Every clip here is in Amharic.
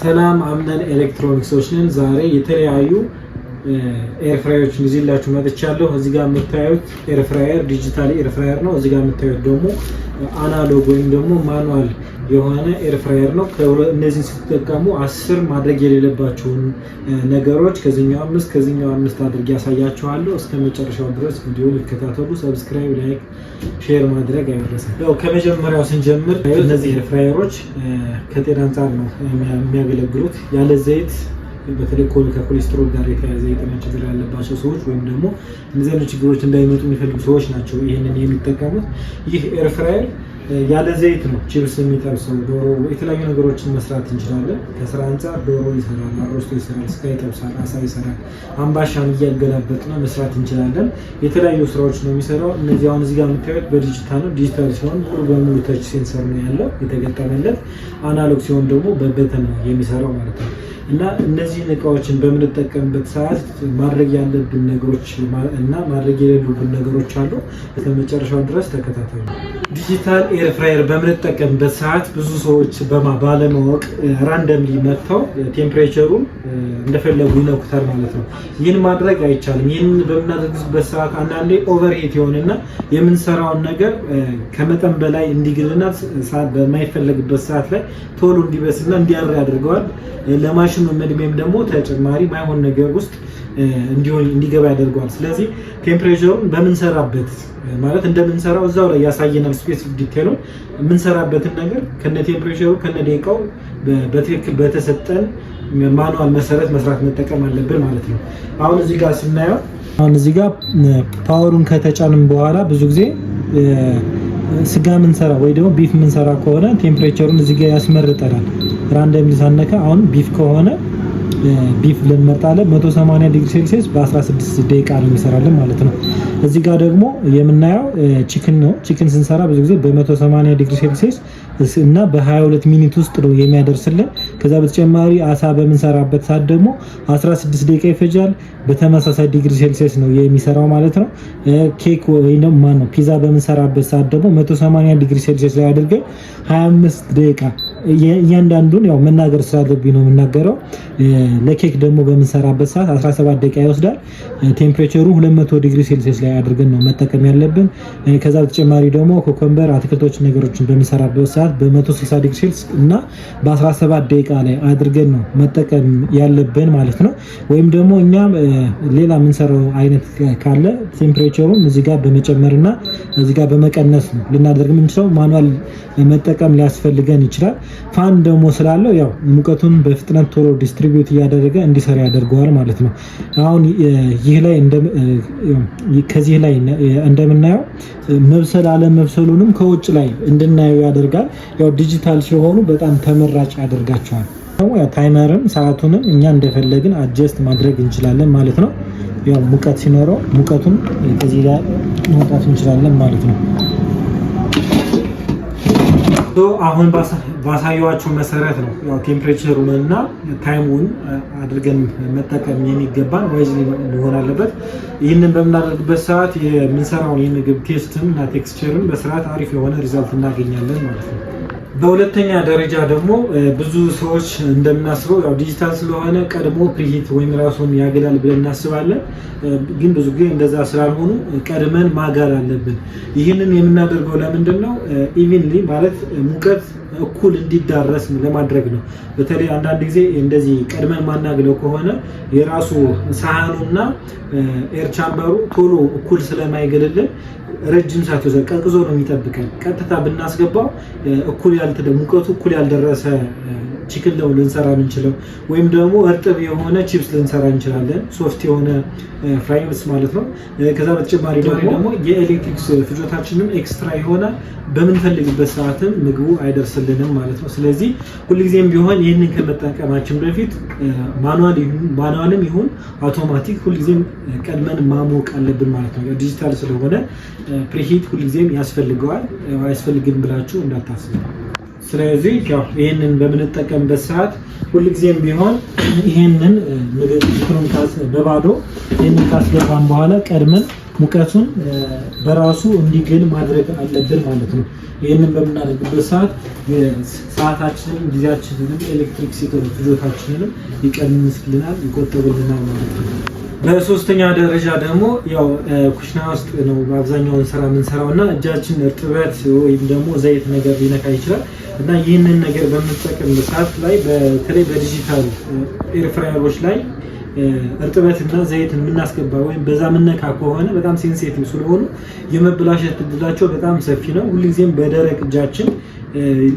ሰላም አምነን ኤሌክትሮኒክሶች ዛሬ የተለያዩ ኤርፍራየሮችን ይዤላችሁ መጥቻለሁ። እዚህ ጋር የምታዩት ኤርፍራየር ዲጂታል ኤርፍራየር ነው። እዚህ ጋር የምታዩት ደግሞ አናሎግ ወይም ደግሞ ማኑዋል የሆነ ኤርፍራየር ነው። እነዚህን ስትጠቀሙ አስር ማድረግ የሌለባችሁን ነገሮች ከዚኛው አምስት ከዚኛው አምስት አድርግ ያሳያችኋለሁ። እስከ መጨረሻው ድረስ ቪዲዮን ይከታተሉ። ሰብስክራይብ፣ ላይክ፣ ሼር ማድረግ አይረሳም። ያው ከመጀመሪያው ስንጀምር እነዚህ ኤርፍራየሮች ከጤና አንጻር ነው የሚያገለግሉት ያለ ዘይት በተለይ ከኮሌስትሮል ጋር የተያዘ የጤና ችግር ያለባቸው ሰዎች ወይም ደግሞ እነዚህ አይነት ችግሮች እንዳይመጡ የሚፈልጉ ሰዎች ናቸው ይህንን የሚጠቀሙት ይህ ኤርፍራየር ያለ ዘይት ነው ቺፕስ የሚጠብሰው። ዶሮ የተለያዩ ነገሮችን መስራት እንችላለን። ከስራ አንጻር ዶሮ ይሰራል፣ አሮስቶ ይሰራል፣ ስጋ ይጠብሳል፣ አሳ ይሰራል። አምባሻን እያገላበጥ ነው መስራት እንችላለን። የተለያዩ ስራዎች ነው የሚሰራው። እነዚህ አሁን እዚጋ የምታዩት በዲጂታል ነው። ዲጂታል ሲሆን ሙሉ በሙሉ ተች ሴንሰር ነው ያለው የተገጠመለት። አናሎግ ሲሆን ደግሞ በበተን ነው የሚሰራው ማለት ነው። እና እነዚህን እቃዎችን በምንጠቀምበት ሰዓት ማድረግ ያለብን ነገሮች እና ማድረግ የሌሉብን ነገሮች አሉ። እስከ መጨረሻው ድረስ ተከታተሉ። ዲጂታል የፍራየር በምንጠቀምበት ሰዓት ብዙ ሰዎች ባለማወቅ ራንደምሊ መጥተው ቴምፕሬቸሩን እንደፈለጉ ይነኩታል ማለት ነው። ይህን ማድረግ አይቻልም። ይህን በምናደርግበት ሰዓት አንዳንዴ ኦቨርሄት የሆንና የምንሰራውን ነገር ከመጠን በላይ እንዲግልና በማይፈለግበት ሰዓት ላይ ቶሎ እንዲበስና እንዲያር ያደርገዋል። ለማሽኑ እድሜም ደግሞ ተጨማሪ ማይሆን ነገር ውስጥ እንዲሆን እንዲገባ ያደርገዋል። ስለዚህ ቴምፕሬቸሩን በምንሰራበት ማለት እንደምንሰራው እዛው ላይ ያሳየናል። ስፔሲፊክ ዲቴሉ የምንሰራበትን ነገር ከነ ቴምፕሬቸሩ ከነ ደቂቃው በትክክል በተሰጠን ማኑዋል መሰረት መስራት መጠቀም አለብን ማለት ነው። አሁን እዚህ ጋር ስናየው አሁን እዚህ ጋር ፓወሩን ከተጫንም በኋላ ብዙ ጊዜ ስጋ ምንሰራ ወይ ደግሞ ቢፍ ምንሰራ ከሆነ ቴምፕሬቸሩን እዚህ ጋር ያስመርጠናል። ራንደም ሳነካ አሁን ቢፍ ከሆነ ቢፍ ልንመርጣለን 180 ዲግሪ ሴልሲየስ በ16 ደቂቃ ነው የሚሰራልን ማለት ነው። እዚህ ጋር ደግሞ የምናየው ቺክን ነው። ቺክን ስንሰራ ብዙ ጊዜ በ180 ዲግሪ ሴልሲየስ እና በ22 ሚኒት ውስጥ ነው የሚያደርስልን። ከዛ በተጨማሪ አሳ በምንሰራበት ሰዓት ደግሞ 16 ደቂቃ ይፈጃል። በተመሳሳይ ዲግሪ ሴልሲየስ ነው የሚሰራው ማለት ነው። ኬክ ወይ ደግሞ ማነው ፒዛ በምንሰራበት ሰዓት ደግሞ 180 ዲግሪ ሴልሲየስ ላይ አድርገን 25 ደቂቃ እያንዳንዱን ያው መናገር ስላለብኝ ነው የምናገረው። ለኬክ ደግሞ በምንሰራበት ሰዓት 17 ደቂቃ ይወስዳል። ቴምፕሬቸሩ 200 ዲግሪ ሴልሲየስ ላይ አድርገን ነው መጠቀም ያለብን። ከዛ በተጨማሪ ደግሞ ኮኮምበር፣ አትክልቶች፣ ነገሮችን በምንሰራበት ሰዓት በ160 ዲግሪ ሴልሲየስ እና በ17 ደቂቃ ላይ አድርገን ነው መጠቀም ያለብን ማለት ነው። ወይም ደግሞ እኛ ሌላ የምንሰራው አይነት ካለ ቴምፕሬቸሩን እዚህ ጋር በመጨመርና እዚህ ጋር በመቀነስ ነው ልናደርግ የምንችለው። ማኑዋል መጠቀም ሊያስፈልገን ይችላል። ፋን ደግሞ ስላለው ያው ሙቀቱን በፍጥነት ቶሎ ዲስትሪቢዩት እያደረገ እንዲሰራ ያደርገዋል ማለት ነው። አሁን ይህ ላይ ከዚህ ላይ እንደምናየው መብሰል አለመብሰሉንም ከውጭ ላይ እንድናየው ያደርጋል። ያው ዲጂታል ሲሆኑ በጣም ተመራጭ ያደርጋቸዋል። ታይመርም ሰዓቱንም እኛ እንደፈለግን አጀስት ማድረግ እንችላለን ማለት ነው። ያው ሙቀት ሲኖረው ሙቀቱን ከዚህ ጋር ማውጣት እንችላለን ማለት ነው። አሁን ባሳየዋቸው መሰረት ነው ቴምፕሬቸሩን እና ታይሙን አድርገን መጠቀም የሚገባን ዋይዝ መሆን አለበት። ይህንን በምናደርግበት ሰዓት የምንሰራውን የምግብ ቴስትም እና ቴክስቸርን በስርዓት አሪፍ የሆነ ሪዛልት እናገኛለን ማለት ነው። በሁለተኛ ደረጃ ደግሞ ብዙ ሰዎች እንደምናስበው ያው ዲጂታል ስለሆነ ቀድሞ ፕሪሂት ወይም ራሱን ያገላል ብለን እናስባለን። ግን ብዙ ጊዜ እንደዛ ስላልሆኑ ቀድመን ማጋል አለብን። ይህንን የምናደርገው ለምንድን ነው? ኢቪንሊ ማለት ሙቀት እኩል እንዲዳረስ ለማድረግ ነው። በተለይ አንዳንድ ጊዜ እንደዚህ ቀድመን ማናግለው ከሆነ የራሱ ሳህኑና ኤር ቻምበሩ ቶሎ እኩል ስለማይገልልን ረጅም ሰዓት ይወስዳል። ቀዝቅዞ ነው የሚጠብቀን። ቀጥታ ብናስገባው እኩል ያልተደ ሙቀቱ እኩል ያልደረሰ ቺክን ነው ልንሰራ የምንችለው፣ ወይም ደግሞ እርጥብ የሆነ ቺፕስ ልንሰራ እንችላለን። ሶፍት የሆነ ፍራይስ ማለት ነው። ከዛ በተጨማሪ ደግሞ የኤሌክትሪክ ፍጆታችንም ኤክስትራ የሆነ በምንፈልግበት ሰዓትም ምግቡ አይደርስልንም ማለት ነው። ስለዚህ ሁልጊዜም ቢሆን ይህንን ከመጠቀማችን በፊት ማኑዋልም ይሁን አውቶማቲክ ሁልጊዜም ቀድመን ማሞቅ አለብን ማለት ነው። ዲጂታል ስለሆነ ፕሪሂት ሁልጊዜም ያስፈልገዋል አያስፈልግም ብላችሁ እንዳታስቡ። ስለዚህ ያው ይህንን በምንጠቀምበት ሰዓት ሁልጊዜም ቢሆን ይህንን ምግብ በባዶ ይህንን ካስገባን በኋላ ቀድመን ሙቀቱን በራሱ እንዲገል ማድረግ አለብን ማለት ነው። ይህንን በምናደርግበት ሰዓት ሰዓታችንን፣ ጊዜያችንንም ኤሌክትሪክ ሲቶ ፍጆታችንንም ይቀንስልናል፣ ይቆጠብልናል ማለት ነው። በሶስተኛ ደረጃ ደግሞ ያው ኩሽና ውስጥ ነው አብዛኛውን ስራ የምንሰራው እና እጃችን እርጥበት ወይም ደግሞ ዘይት ነገር ሊነካ ይችላል እና ይህንን ነገር በምንጠቀም ሰዓት ላይ በተለይ በዲጂታል ኤርፍራየሮች ላይ እርጥበትና ዘይት የምናስገባ ወይም በዛ ምነካ ከሆነ በጣም ሴንሴቲቭ ስለሆኑ የመበላሸት እድላቸው በጣም ሰፊ ነው። ሁልጊዜም በደረቅ እጃችን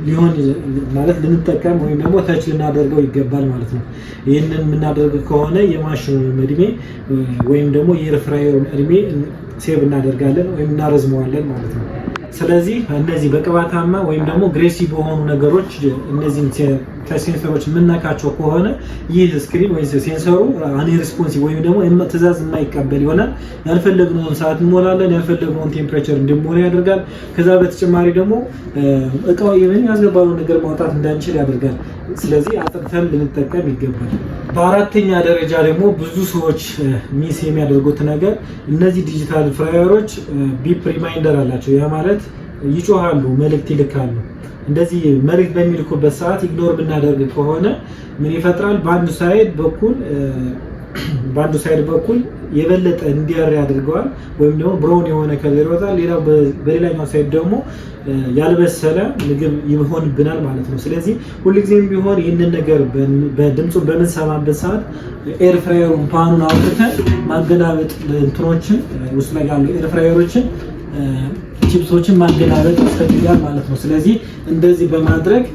ሊሆን ማለት ልንጠቀም ወይም ደግሞ ተች ልናደርገው ይገባል ማለት ነው። ይህንን የምናደርግ ከሆነ የማሽኑ እድሜ ወይም ደግሞ የኤርፍራየሩን እድሜ ሴብ እናደርጋለን ወይም እናረዝመዋለን ማለት ነው። ስለዚህ እነዚህ በቅባታማ ወይም ደግሞ ግሬሲ በሆኑ ነገሮች እነዚህ ሴንሰሮች የምነካቸው ከሆነ ይህ ስክሪን ወይ ሴንሰሩ አንሪስፖንሲቭ ወይም ደግሞ ትእዛዝ የማይቀበል ይሆናል። ያልፈለግነውን ሰዓት እንሞላለን፣ ያልፈለግነውን ቴምፕሬቸር እንድንሞላ ያደርጋል። ከዛ በተጨማሪ ደግሞ እቃው ያስገባሉ ነገር ማውጣት እንዳንችል ያደርጋል። ስለዚህ አጥርተን ልንጠቀም ይገባል። በአራተኛ ደረጃ ደግሞ ብዙ ሰዎች ሚስ የሚያደርጉት ነገር እነዚህ ዲጂታል ፍራየሮች ቢፕ ሪማይንደር አላቸው። ያ ማለት ይጮሃሉ፣ መልእክት ይልካሉ። እንደዚህ መልእክት በሚልኩበት ሰዓት ኢግኖር ብናደርግ ከሆነ ምን ይፈጥራል? በአንዱ ሳይድ በኩል በአንዱ ሳይድ በኩል የበለጠ እንዲያር ያድርገዋል። ወይም ደግሞ ብሮን የሆነ ከለር ይወጣል። ሌላው በሌላኛው ሳይድ ደግሞ ያልበሰለ ምግብ ይሆንብናል ማለት ነው። ስለዚህ ሁልጊዜም ቢሆን ይህንን ነገር በድምፁ በምንሰማበት ሰዓት ኤርፍራየሩ ፓኑን አውጥተን ማገላበጥ እንትኖችን ውስጥ ላይ ያሉ ኤርፍራየሮችን ፍራየሮችን ቺፕሶችን ማገላበጥ ያስፈልጋል ማለት ነው። ስለዚህ እንደዚህ በማድረግ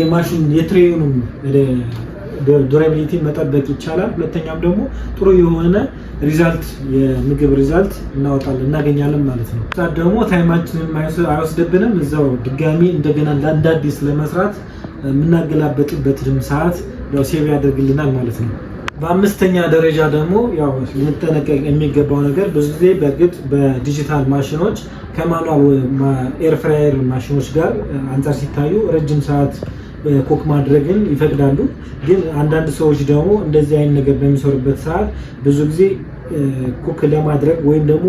የማሽን የትሬኑን ዱራቢሊቲ መጠበቅ ይቻላል። ሁለተኛም ደግሞ ጥሩ የሆነ ሪዛልት የምግብ ሪዛልት እናወጣለን እናገኛለን ማለት ነው። ዛ ደግሞ ታይማችንን አይወስድብንም። እዛው ድጋሚ እንደገና ለአንድ አዲስ ለመስራት የምናገላበጥበትንም ሰዓት ያው ሴቭ ያደርግልናል ማለት ነው። በአምስተኛ ደረጃ ደግሞ ያው ልንጠነቀቅ የሚገባው ነገር ብዙ ጊዜ በእርግጥ በዲጂታል ማሽኖች ከማኑዋል ኤርፍራየር ማሽኖች ጋር አንጻር ሲታዩ ረጅም ሰዓት ኮክ ማድረግን ይፈቅዳሉ። ግን አንዳንድ ሰዎች ደግሞ እንደዚህ አይነት ነገር በሚሰሩበት ሰዓት ብዙ ጊዜ ኩክ ለማድረግ ወይም ደግሞ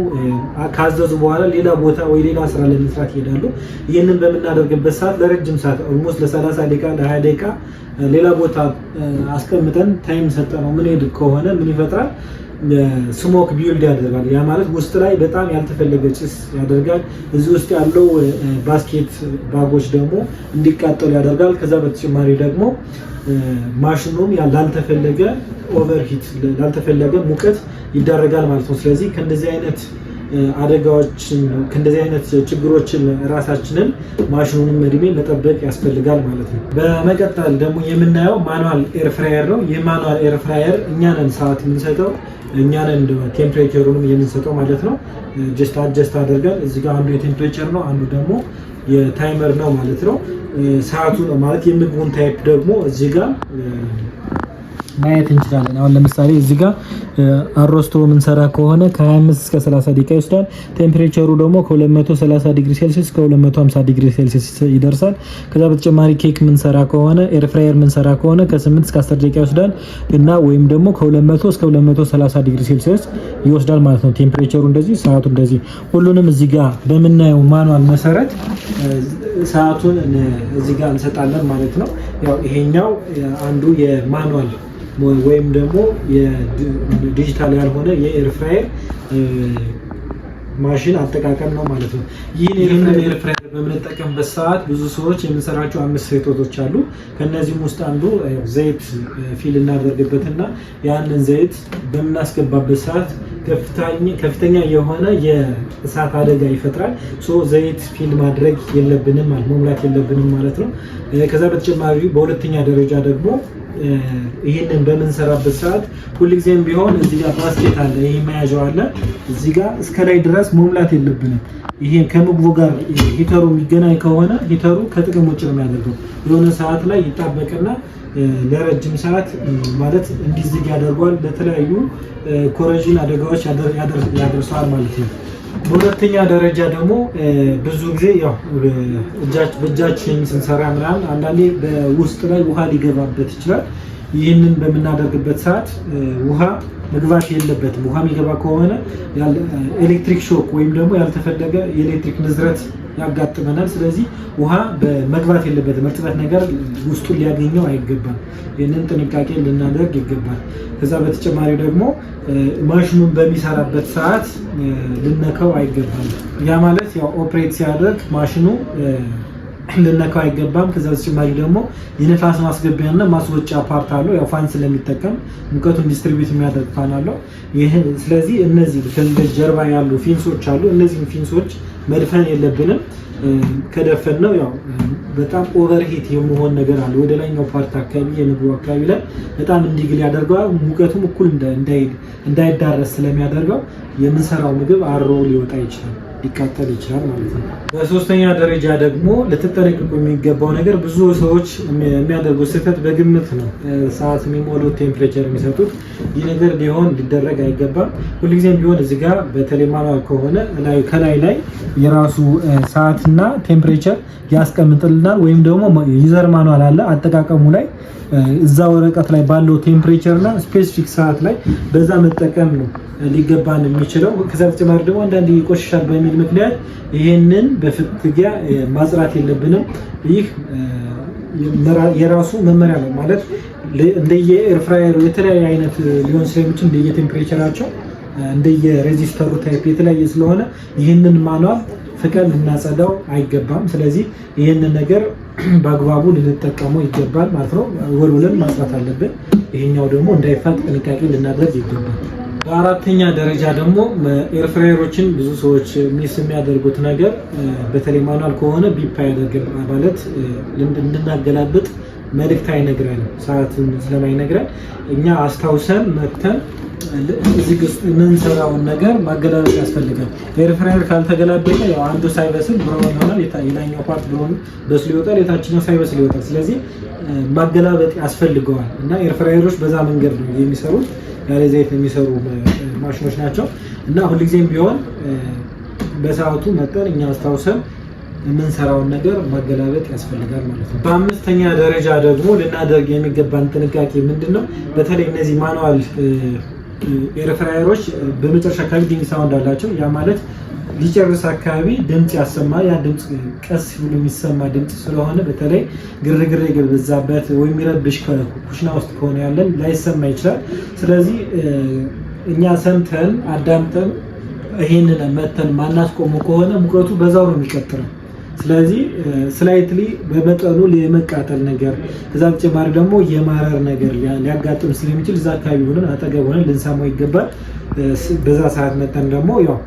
ካዘዙ በኋላ ሌላ ቦታ ወይ ሌላ ስራ ለመስራት ይሄዳሉ። ይህንን በምናደርግበት ሰዓት ለረጅም ሰዓት ኦልሞስት ለ30 ደቂቃ ለ20 ደቂቃ ሌላ ቦታ አስቀምጠን ታይም ሰጠ ነው ምን ሄድ ከሆነ ምን ይፈጥራል ስሞክ ቢውልድ ያደርጋል። ያ ማለት ውስጥ ላይ በጣም ያልተፈለገ ጭስ ያደርጋል። እዚህ ውስጥ ያለው ባስኬት ባጎች ደግሞ እንዲቃጠሉ ያደርጋል። ከዛ በተጨማሪ ደግሞ ማሽኑም ላልተፈለገ ኦቨርሂት፣ ላልተፈለገ ሙቀት ይዳረጋል ማለት ነው። ስለዚህ ከእንደዚህ አይነት አደጋዎችን ከእንደዚህ አይነት ችግሮችን ራሳችንን ማሽኑንም እድሜ መጠበቅ ያስፈልጋል ማለት ነው። በመቀጠል ደግሞ የምናየው ማኑዋል ኤርፍራየር ነው። ይህ ማኑዋል እኛ ነን ሰዓት የምንሰጠው እኛን እንደ ቴምፕሬቸሩንም የምንሰጠው ማለት ነው። ጀስት አጀስት አድርገን እዚህ ጋር አንዱ የቴምፕሬቸር ነው፣ አንዱ ደግሞ የታይመር ነው ማለት ነው። ሰዓቱ ነው ማለት የምግቡን ታይፕ ደግሞ እዚህ ጋር ማየት እንችላለን። አሁን ለምሳሌ እዚህ ጋር አሮስቶ የምንሰራ ከሆነ ከ25 እስከ 30 ደቂቃ ይወስዳል። ቴምፕሬቸሩ ደግሞ ከ230 ዲግሪ ሴልሲየስ እስከ 250 ዲግሪ ሴልሲየስ ይደርሳል። ከዛ በተጨማሪ ኬክ የምንሰራ ከሆነ ኤርፍራየር የምንሰራ ከሆነ ከ8 እስከ 10 ደቂቃ ይወስዳል እና ወይም ደግሞ ከ200 እስከ 230 ዲግሪ ሴልሲየስ ይወስዳል ማለት ነው። ቴምፕሬቸሩ እንደዚህ፣ ሰዓቱ እንደዚህ። ሁሉንም እዚህ ጋር በምናየው ማኗል መሰረት ሰዓቱን እዚህ ጋር እንሰጣለን ማለት ነው። ያው ይሄኛው አንዱ የማኗል ወይም ደግሞ ዲጂታል ያልሆነ የኤርፍራየር ማሽን አጠቃቀም ነው ማለት ነው። ይህን ኤርፍራየር በምንጠቀምበት ሰዓት ብዙ ሰዎች የምንሰራቸው አምስት ስህተቶች አሉ። ከእነዚህም ውስጥ አንዱ ዘይት ፊል እናደርግበትና ያንን ዘይት በምናስገባበት ሰዓት ከፍተኛ የሆነ የእሳት አደጋ ይፈጥራል። ዘይት ፊል ማድረግ የለብንም መሙላት የለብንም ማለት ነው። ከዛ በተጨማሪ በሁለተኛ ደረጃ ደግሞ ይህንን በምንሰራበት ሰዓት ሁልጊዜም ቢሆን እዚህ ጋር ባስኬት አለ። ይሄ መያዣው አለ እዚህ ጋር እስከ ላይ ድረስ መሙላት የለብንም። ይሄ ከምግቡ ጋር ሂተሩ የሚገናኝ ከሆነ ሂተሩ ከጥቅም ውጭ ነው የሚያደርገው። የሆነ ሰዓት ላይ ይጣበቅና ለረጅም ሰዓት ማለት እንዲዝግ ያደርገዋል። ለተለያዩ ኮረዥን አደጋዎች ያደርሰዋል ማለት ነው። በሁለተኛ ደረጃ ደግሞ ብዙ ጊዜ በእጃችን ስንሰራ ምናምን አንዳንዴ በውስጥ ላይ ውሃ ሊገባበት ይችላል። ይህንን በምናደርግበት ሰዓት ውሃ መግባት የለበትም። ውሃ የሚገባ ከሆነ ኤሌክትሪክ ሾክ ወይም ደግሞ ያልተፈለገ የኤሌክትሪክ ንዝረት ያጋጥመናል። ስለዚህ ውሃ መግባት የለበትም። እርጥበት ነገር ውስጡን ሊያገኘው አይገባም። ይህንን ጥንቃቄ ልናደርግ ይገባል። ከዛ በተጨማሪ ደግሞ ማሽኑን በሚሰራበት ሰዓት ልነከው አይገባም። ያ ማለት ያው ኦፕሬት ሲያደርግ ማሽኑ ልነካው አይገባም። ከዛ በተጨማሪ ደግሞ የነፋስ ማስገቢያና ማስወጫ ፓርት አለው። ያው ፋን ስለሚጠቀም ሙቀቱን ዲስትሪቢዩት የሚያደርግ ፋን አለው። ስለዚህ እነዚህ ጀርባ ያሉ ፊንሶች አሉ። እነዚህም ፊንሶች መድፈን የለብንም። ከደፈን ነው ያው በጣም ኦቨርሂት የመሆን ነገር አለ። ወደ ላይኛው ፓርት አካባቢ የምግቡ አካባቢ ላይ በጣም እንዲግል ያደርገዋል። ሙቀቱም እኩል እንዳይዳረስ ስለሚያደርገው የምንሰራው ምግብ አሮ ሊወጣ ይችላል። ሊካተል ይችላል ማለት ነው። በሶስተኛ ደረጃ ደግሞ ልትጠነቀቁ የሚገባው ነገር ብዙ ሰዎች የሚያደርጉት ስህተት በግምት ነው ሰዓት የሚሞሉት ቴምፕሬቸር የሚሰጡት። ይህ ነገር ሊሆን ሊደረግ አይገባም። ሁልጊዜም ቢሆን እዚህ ጋ በተለይ ማኑዋል ከሆነ ከላይ ላይ የራሱ ሰዓትና ቴምፕሬቸር ያስቀምጥልናል። ወይም ደግሞ ዩዘር ማኑዋል አለ አጠቃቀሙ ላይ እዛ ወረቀት ላይ ባለው ቴምፕሬቸር እና ስፔሲፊክ ሰዓት ላይ በዛ መጠቀም ነው ሊገባን የሚችለው ከዛ በተጨማሪ ደግሞ አንዳንድ ይቆሽሻል በሚል ምክንያት ይህንን በፍትጊያ ማጽራት የለብንም። ይህ የራሱ መመሪያ ነው ማለት እንደየ ኤርፍራየሩ የተለያየ አይነት ሊሆን ስለሚችል እንደየ ቴምፕሬቸራቸው እንደየ ታይፕ የተለያየ ስለሆነ ይህንን ማኗል ፍቀን ልናጸዳው አይገባም። ስለዚህ ይህንን ነገር በአግባቡ ልንጠቀመው ይገባል ማለት ነው። ወልውለን ማጽራት አለብን። ይሄኛው ደግሞ እንዳይፋት ጥንቃቄ ልናደርግ ይገባል። በአራተኛ ደረጃ ደግሞ ኤርፍራየሮችን ብዙ ሰዎች ሚስ የሚያደርጉት ነገር በተለይ ማኗል ከሆነ ቢፓ ያደርግ ማለት እንድናገላብጥ መልእክት አይነግረን፣ ሰዓትን ስለማይነግረን እኛ አስታውሰን መክተን እዚህ የምንሰራውን ነገር ማገላለጥ ያስፈልጋል። ኤርፍራየር ካልተገላበጠ ያው አንዱ ሳይበስል ብራውን ይሆናል፣ የላኛው ፓርት ብራውን በስሎ ይወጣል፣ የታችኛው ሳይበስል ይወጣል። ስለዚህ ማገላበጥ ያስፈልገዋል እና ኤርፍራየሮች በዛ መንገድ ነው የሚሰሩት። ያለ ዘይት የሚሰሩ ማሽኖች ናቸው እና ሁልጊዜም ቢሆን በሰዓቱ መጠን እኛ አስታውሰን የምንሰራውን ነገር ማገላበጥ ያስፈልጋል ማለት ነው። በአምስተኛ ደረጃ ደግሞ ልናደርግ የሚገባን ጥንቃቄ ምንድን ነው? በተለይ እነዚህ ማኑዋል ኤርፍራየሮች በመጨረሻ አካባቢ ዲንግ ሳውንድ አላቸው። ያ ማለት ሊጨርስ አካባቢ ድምፅ ያሰማል። ያ ድምፅ ቀስ ብሎ የሚሰማ ድምፅ ስለሆነ በተለይ ግርግር የበዛበት ወይም የሚረብሽ ኩሽና ውስጥ ከሆነ ያለን ላይሰማ ይችላል። ስለዚህ እኛ ሰምተን አዳምጠን ይህንን መተን ማናስቆሙ ከሆነ ሙቀቱ በዛው ነው የሚቀጥለው። ስለዚህ ስላይትሊ በመጠኑ የመቃጠል ነገር ከዛ በተጨማሪ ደግሞ የማረር ነገር ሊያጋጥም ስለሚችል እዛ አካባቢ ሆነን አጠገብ ሆነን ልንሰማው ይገባል። በዛ ሰዓት መጠን ደግሞ ያው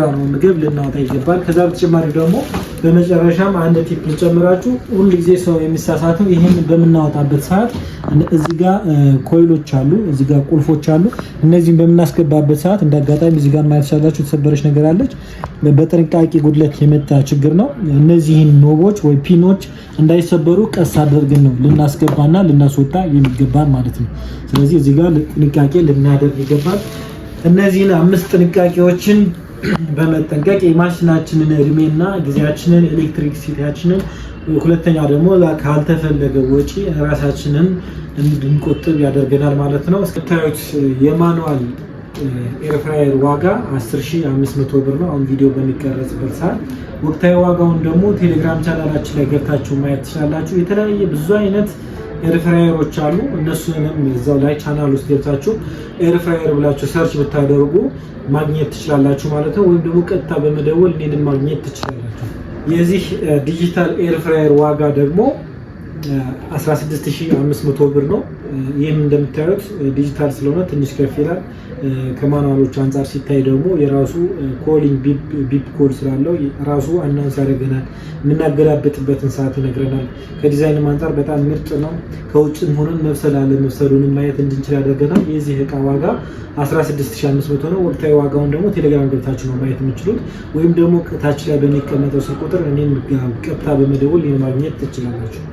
ነው ምግብ ልናወጣ ይገባል። ከዛ በተጨማሪ ደግሞ በመጨረሻም አንድ ቲፕ ልጨምራችሁ። ሁል ጊዜ ሰው የሚሳሳተው ይህን በምናወጣበት ሰዓት እዚህ ጋር ኮይሎች አሉ፣ እዚህ ጋር ቁልፎች አሉ። እነዚህን በምናስገባበት ሰዓት እንደ እዚህ ጋር ማያተሻላችሁ የተሰበረች ነገር አለች። በጥንቃቄ ጉድለት የመጣ ችግር ነው። እነዚህን ኖቦች ወይ ፒኖች እንዳይሰበሩ ቀስ አድርገን ነው ልናስገባና ልናስወጣ የሚገባ ማለት ነው። ስለዚህ እዚህ ጋር ጥንቃቄ ልናደርግ ይገባል። እነዚህን አምስት ጥንቃቄዎችን በመጠንቀቅ የማሽናችንን እድሜና ጊዜያችንን ኤሌክትሪክሲቲያችንን፣ ሁለተኛ ደግሞ ካልተፈለገ ወጪ ራሳችንን እንድንቆጥብ ያደርገናል ማለት ነው። እስከታዩት የማኑዋል ኤርፍራየር ዋጋ 10500 ብር ነው። አሁን ቪዲዮ በሚቀረጽበት ሰዓት ወቅታዊ ዋጋውን ደግሞ ቴሌግራም ቻናላችን ላይ ገብታችሁ ማየት ትችላላችሁ። የተለያየ ብዙ አይነት ኤርፍራየሮች አሉ። እነሱንም እዛው ላይ ቻናል ውስጥ ገብታችሁ ኤርፍራየር ብላችሁ ሰርች ብታደርጉ ማግኘት ትችላላችሁ ማለት ነው። ወይም ደግሞ ቀጥታ በመደወል እኔንም ማግኘት ትችላላችሁ። የዚህ ዲጂታል ኤርፍራየር ዋጋ ደግሞ 16500 ብር ነው። ይህም እንደምታዩት ዲጂታል ስለሆነ ትንሽ ከፍ ይላል። ከማኑዋሎች አንጻር ሲታይ ደግሞ የራሱ ኮሊንግ ቢፕ ኮድ ስላለው ራሱ አናንስ ያደርገናል። የምናገላብጥበትን ሰዓት ይነግረናል። ከዲዛይንም አንጻር በጣም ምርጥ ነው። ከውጭም ሆነን መብሰል መብሰሉንም ማየት እንድንችል ያደርገናል። የዚህ እቃ ዋጋ 16500 ነው። ወቅታዊ ዋጋውን ደግሞ ቴሌግራም ገብታችሁ ነው ማየት የምችሉት፣ ወይም ደግሞ ታች ላይ በሚቀመጠው ስልክ ቁጥር እኔም ቀጥታ በመደወል ማግኘት ትችላላችሁ።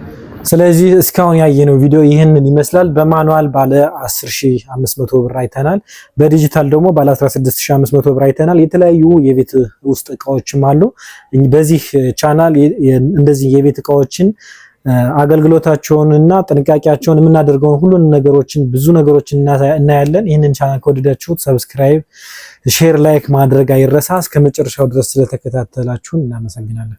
ስለዚህ እስካሁን ያየነው ቪዲዮ ይህንን ይመስላል። በማኑዋል ባለ 10500 ብር አይተናል። በዲጂታል ደግሞ ባለ 16500 ብር አይተናል። የተለያዩ የቤት ውስጥ እቃዎችም አሉ። በዚህ ቻናል እንደዚህ የቤት እቃዎችን አገልግሎታቸውንና ጥንቃቄያቸውን የምናደርገውን ሁሉን ነገሮችን ብዙ ነገሮችን እናያለን። ይህንን ቻናል ከወደዳችሁት ሰብስክራይብ፣ ሼር፣ ላይክ ማድረግ አይረሳ። እስከ መጨረሻው ድረስ ስለተከታተላችሁን እናመሰግናለን።